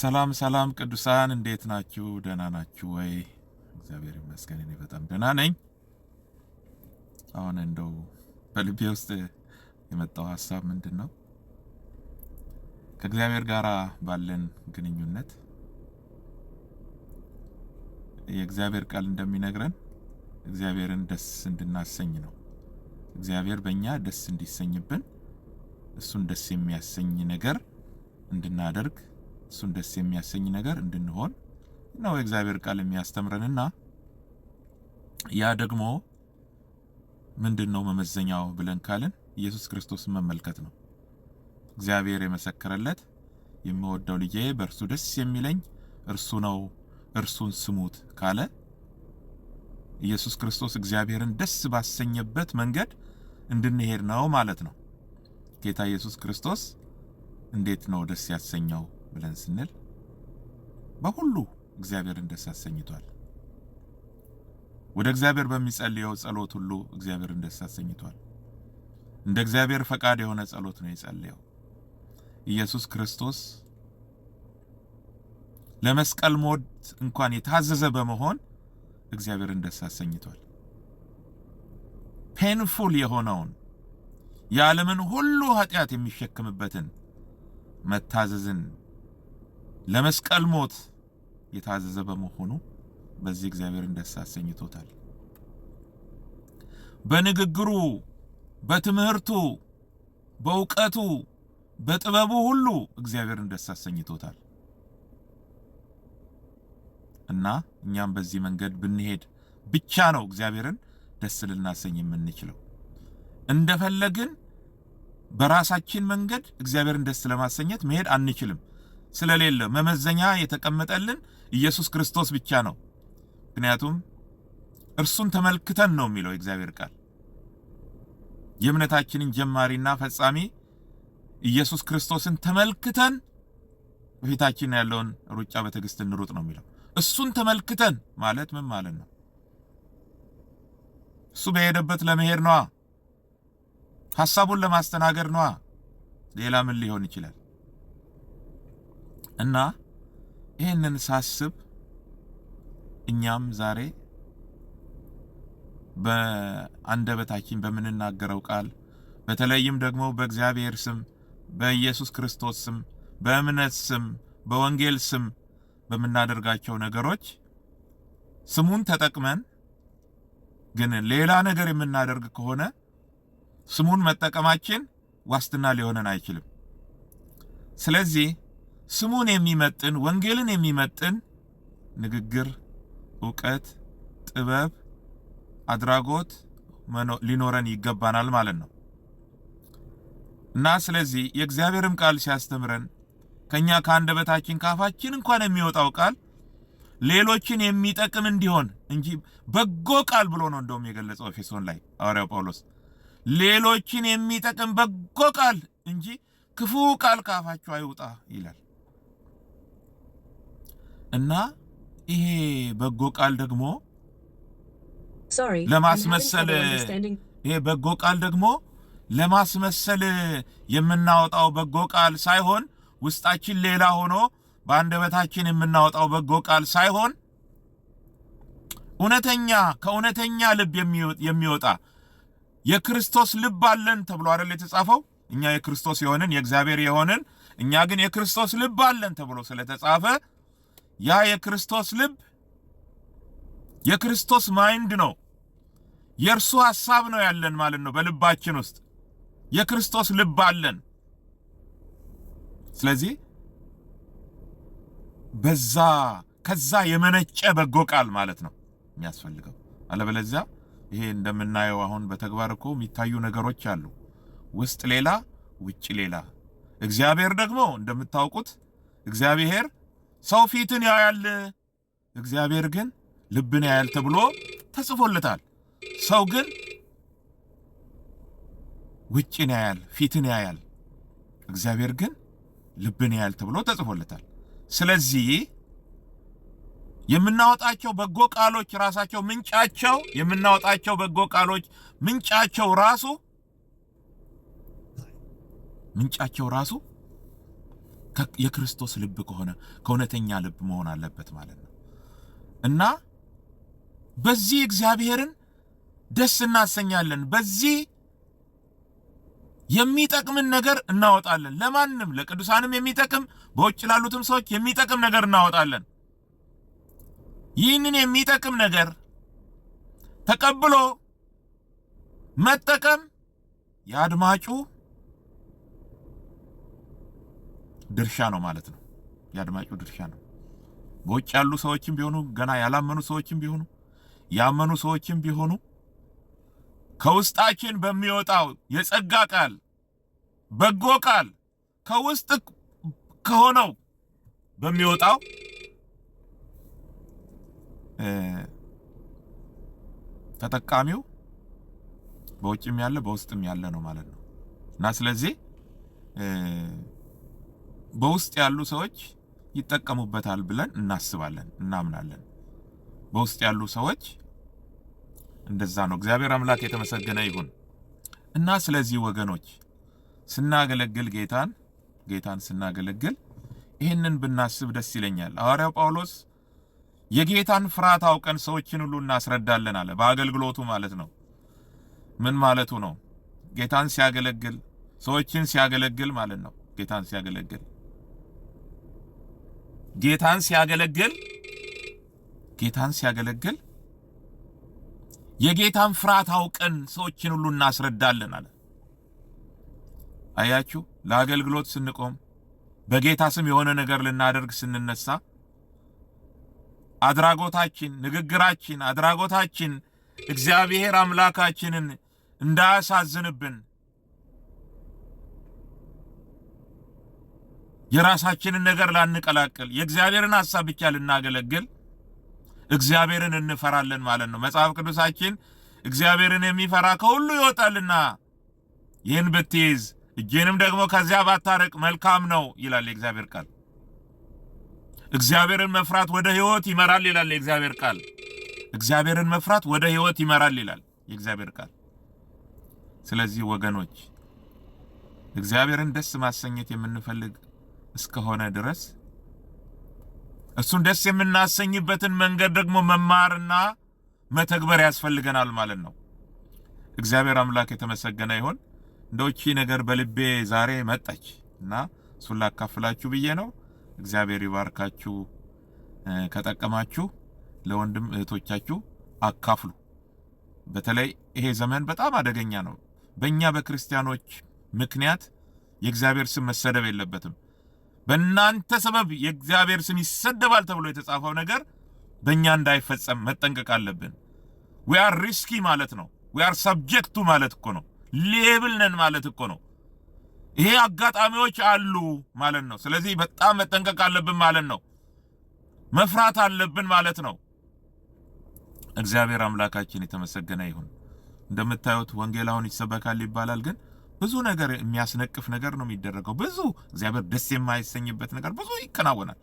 ሰላም ሰላም ቅዱሳን እንዴት ናችሁ? ደህና ናችሁ ወይ? እግዚአብሔር ይመስገን እኔ በጣም ደህና ነኝ። አሁን እንደው በልቤ ውስጥ የመጣው ሀሳብ ምንድን ነው? ከእግዚአብሔር ጋር ባለን ግንኙነት የእግዚአብሔር ቃል እንደሚነግረን እግዚአብሔርን ደስ እንድናሰኝ ነው። እግዚአብሔር በእኛ ደስ እንዲሰኝብን እሱን ደስ የሚያሰኝ ነገር እንድናደርግ እሱን ደስ የሚያሰኝ ነገር እንድንሆን ነው የእግዚአብሔር ቃል የሚያስተምረንና ያ ደግሞ ምንድን ነው መመዘኛው ብለን ካልን ኢየሱስ ክርስቶስን መመልከት ነው። እግዚአብሔር የመሰከረለት የሚወደው ልጄ በእርሱ ደስ የሚለኝ እርሱ ነው፣ እርሱን ስሙት ካለ ኢየሱስ ክርስቶስ እግዚአብሔርን ደስ ባሰኘበት መንገድ እንድንሄድ ነው ማለት ነው። ጌታ ኢየሱስ ክርስቶስ እንዴት ነው ደስ ያሰኘው? ብለን ስንል በሁሉ እግዚአብሔርን ደስ አሰኝቷል። ወደ እግዚአብሔር በሚጸልየው ጸሎት ሁሉ እግዚአብሔርን ደስ አሰኝቷል። እንደ እግዚአብሔር ፈቃድ የሆነ ጸሎት ነው የጸለየው። ኢየሱስ ክርስቶስ ለመስቀል ሞት እንኳን የታዘዘ በመሆን እግዚአብሔርን ደስ አሰኝቷል። ፔንፉል የሆነውን የዓለምን ሁሉ ኃጢአት የሚሸክምበትን መታዘዝን ለመስቀል ሞት የታዘዘ በመሆኑ በዚህ እግዚአብሔርን ደስ አሰኝቶታል። በንግግሩ፣ በትምህርቱ፣ በእውቀቱ፣ በጥበቡ ሁሉ እግዚአብሔርን ደስ አሰኝቶታል እና እኛም በዚህ መንገድ ብንሄድ ብቻ ነው እግዚአብሔርን ደስ ልናሰኝ የምንችለው። እንደፈለግን በራሳችን መንገድ እግዚአብሔርን ደስ ለማሰኘት መሄድ አንችልም። ስለሌለ መመዘኛ የተቀመጠልን ኢየሱስ ክርስቶስ ብቻ ነው። ምክንያቱም እርሱን ተመልክተን ነው የሚለው እግዚአብሔር ቃል የእምነታችንን ጀማሪና ፈጻሚ ኢየሱስ ክርስቶስን ተመልክተን በፊታችን ያለውን ሩጫ በትዕግስት እንሩጥ ነው የሚለው። እሱን ተመልክተን ማለት ምን ማለት ነው? እሱ በሄደበት ለመሄድ ነዋ፣ ሀሳቡን ለማስተናገድ ነዋ። ሌላ ምን ሊሆን ይችላል? እና ይህንን ሳስብ እኛም ዛሬ በአንደበታችን በምንናገረው ቃል በተለይም ደግሞ በእግዚአብሔር ስም በኢየሱስ ክርስቶስ ስም በእምነት ስም በወንጌል ስም በምናደርጋቸው ነገሮች ስሙን ተጠቅመን ግን ሌላ ነገር የምናደርግ ከሆነ ስሙን መጠቀማችን ዋስትና ሊሆነን አይችልም። ስለዚህ ስሙን የሚመጥን ወንጌልን የሚመጥን ንግግር፣ እውቀት፣ ጥበብ፣ አድራጎት ሊኖረን ይገባናል ማለት ነው እና ስለዚህ የእግዚአብሔርም ቃል ሲያስተምረን ከእኛ ከአንደበታችን ከአፋችን እንኳን የሚወጣው ቃል ሌሎችን የሚጠቅም እንዲሆን እንጂ በጎ ቃል ብሎ ነው እንደውም የገለጸው ኤፌሶን ላይ ሐዋርያው ጳውሎስ ሌሎችን የሚጠቅም በጎ ቃል እንጂ ክፉ ቃል ከአፋችሁ አይውጣ ይላል። እና ይሄ በጎ ቃል ደግሞ ለማስመሰል ይሄ በጎ ቃል ደግሞ ለማስመሰል የምናወጣው በጎ ቃል ሳይሆን ውስጣችን ሌላ ሆኖ በአንደበታችን የምናወጣው በጎ ቃል ሳይሆን እውነተኛ ከእውነተኛ ልብ የሚወጣ የክርስቶስ ልብ አለን ተብሎ አይደል የተጻፈው? እኛ የክርስቶስ የሆንን የእግዚአብሔር የሆንን እኛ ግን የክርስቶስ ልብ አለን ተብሎ ስለተጻፈ ያ የክርስቶስ ልብ የክርስቶስ ማይንድ ነው። የእርሱ ሐሳብ ነው ያለን ማለት ነው። በልባችን ውስጥ የክርስቶስ ልብ አለን። ስለዚህ በዛ ከዛ የመነጨ በጎ ቃል ማለት ነው የሚያስፈልገው። አለበለዚያ ይሄ እንደምናየው አሁን በተግባር እኮ የሚታዩ ነገሮች አሉ። ውስጥ ሌላ፣ ውጭ ሌላ። እግዚአብሔር ደግሞ እንደምታውቁት እግዚአብሔር ሰው ፊትን ያያል፣ እግዚአብሔር ግን ልብን ያያል ተብሎ ተጽፎለታል። ሰው ግን ውጭን ያያል፣ ፊትን ያያል፣ እግዚአብሔር ግን ልብን ያያል ተብሎ ተጽፎለታል። ስለዚህ የምናወጣቸው በጎ ቃሎች ራሳቸው ምንጫቸው የምናወጣቸው በጎ ቃሎች ምንጫቸው ራሱ ምንጫቸው ራሱ የክርስቶስ ልብ ከሆነ ከእውነተኛ ልብ መሆን አለበት ማለት ነው እና በዚህ እግዚአብሔርን ደስ እናሰኛለን። በዚህ የሚጠቅምን ነገር እናወጣለን። ለማንም ለቅዱሳንም የሚጠቅም በውጭ ላሉትም ሰዎች የሚጠቅም ነገር እናወጣለን። ይህንን የሚጠቅም ነገር ተቀብሎ መጠቀም የአድማጩ ድርሻ ነው ማለት ነው። የአድማጩ ድርሻ ነው። በውጭ ያሉ ሰዎችም ቢሆኑ ገና ያላመኑ ሰዎችም ቢሆኑ ያመኑ ሰዎችም ቢሆኑ ከውስጣችን በሚወጣው የጸጋ ቃል፣ በጎ ቃል ከውስጥ ከሆነው በሚወጣው ተጠቃሚው በውጭም ያለ በውስጥም ያለ ነው ማለት ነው እና ስለዚህ በውስጥ ያሉ ሰዎች ይጠቀሙበታል ብለን እናስባለን፣ እናምናለን። በውስጥ ያሉ ሰዎች እንደዛ ነው። እግዚአብሔር አምላክ የተመሰገነ ይሁን እና ስለዚህ ወገኖች ስናገለግል ጌታን ጌታን ስናገለግል ይህንን ብናስብ ደስ ይለኛል። ሐዋርያው ጳውሎስ የጌታን ፍርሃት አውቀን ሰዎችን ሁሉ እናስረዳለን አለ። በአገልግሎቱ ማለት ነው። ምን ማለቱ ነው? ጌታን ሲያገለግል ሰዎችን ሲያገለግል ማለት ነው። ጌታን ሲያገለግል ጌታን ሲያገለግል ጌታን ሲያገለግል የጌታን ፍርሃት አውቀን ሰዎችን ሁሉ እናስረዳለን አለ። አያችሁ፣ ለአገልግሎት ስንቆም በጌታ ስም የሆነ ነገር ልናደርግ ስንነሳ አድራጎታችን፣ ንግግራችን፣ አድራጎታችን እግዚአብሔር አምላካችንን እንዳያሳዝንብን የራሳችንን ነገር ላንቀላቅል፣ የእግዚአብሔርን ሐሳብ ብቻ ልናገለግል፣ እግዚአብሔርን እንፈራለን ማለት ነው። መጽሐፍ ቅዱሳችን እግዚአብሔርን የሚፈራ ከሁሉ ይወጣልና ይህን ብትይዝ እጄንም ደግሞ ከዚያ ባታረቅ መልካም ነው ይላል የእግዚአብሔር ቃል። እግዚአብሔርን መፍራት ወደ ሕይወት ይመራል ይላል የእግዚአብሔር ቃል። እግዚአብሔርን መፍራት ወደ ሕይወት ይመራል ይላል የእግዚአብሔር ቃል። ስለዚህ ወገኖች እግዚአብሔርን ደስ ማሰኘት የምንፈልግ እስከሆነ ድረስ እሱን ደስ የምናሰኝበትን መንገድ ደግሞ መማርና መተግበር ያስፈልገናል ማለት ነው። እግዚአብሔር አምላክ የተመሰገነ ይሁን። እንደውቺ ነገር በልቤ ዛሬ መጣች እና እሱን ላካፍላችሁ ብዬ ነው። እግዚአብሔር ይባርካችሁ። ከጠቀማችሁ ለወንድም እህቶቻችሁ አካፍሉ። በተለይ ይሄ ዘመን በጣም አደገኛ ነው። በእኛ በክርስቲያኖች ምክንያት የእግዚአብሔር ስም መሰደብ የለበትም። በእናንተ ሰበብ የእግዚአብሔር ስም ይሰደባል ተብሎ የተጻፈው ነገር በእኛ እንዳይፈጸም መጠንቀቅ አለብን። ዊአር ሪስኪ ማለት ነው። ዊአር ሰብጀክቱ ማለት እኮ ነው። ሌብል ነን ማለት እኮ ነው። ይሄ አጋጣሚዎች አሉ ማለት ነው። ስለዚህ በጣም መጠንቀቅ አለብን ማለት ነው። መፍራት አለብን ማለት ነው። እግዚአብሔር አምላካችን የተመሰገነ ይሁን። እንደምታዩት ወንጌል አሁን ይሰበካል ይባላል ግን ብዙ ነገር የሚያስነቅፍ ነገር ነው የሚደረገው። ብዙ እግዚአብሔር ደስ የማይሰኝበት ነገር ብዙ ይከናወናል።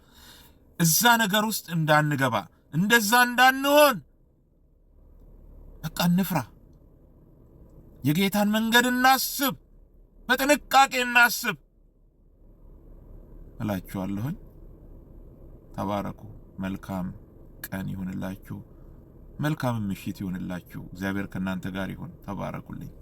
እዛ ነገር ውስጥ እንዳንገባ፣ እንደዛ እንዳንሆን በቃ እንፍራ። የጌታን መንገድ እናስብ፣ በጥንቃቄ እናስብ እላችኋለሁኝ። ተባረኩ። መልካም ቀን ይሁንላችሁ። መልካም ምሽት ይሁንላችሁ። እግዚአብሔር ከእናንተ ጋር ይሁን። ተባረኩልኝ።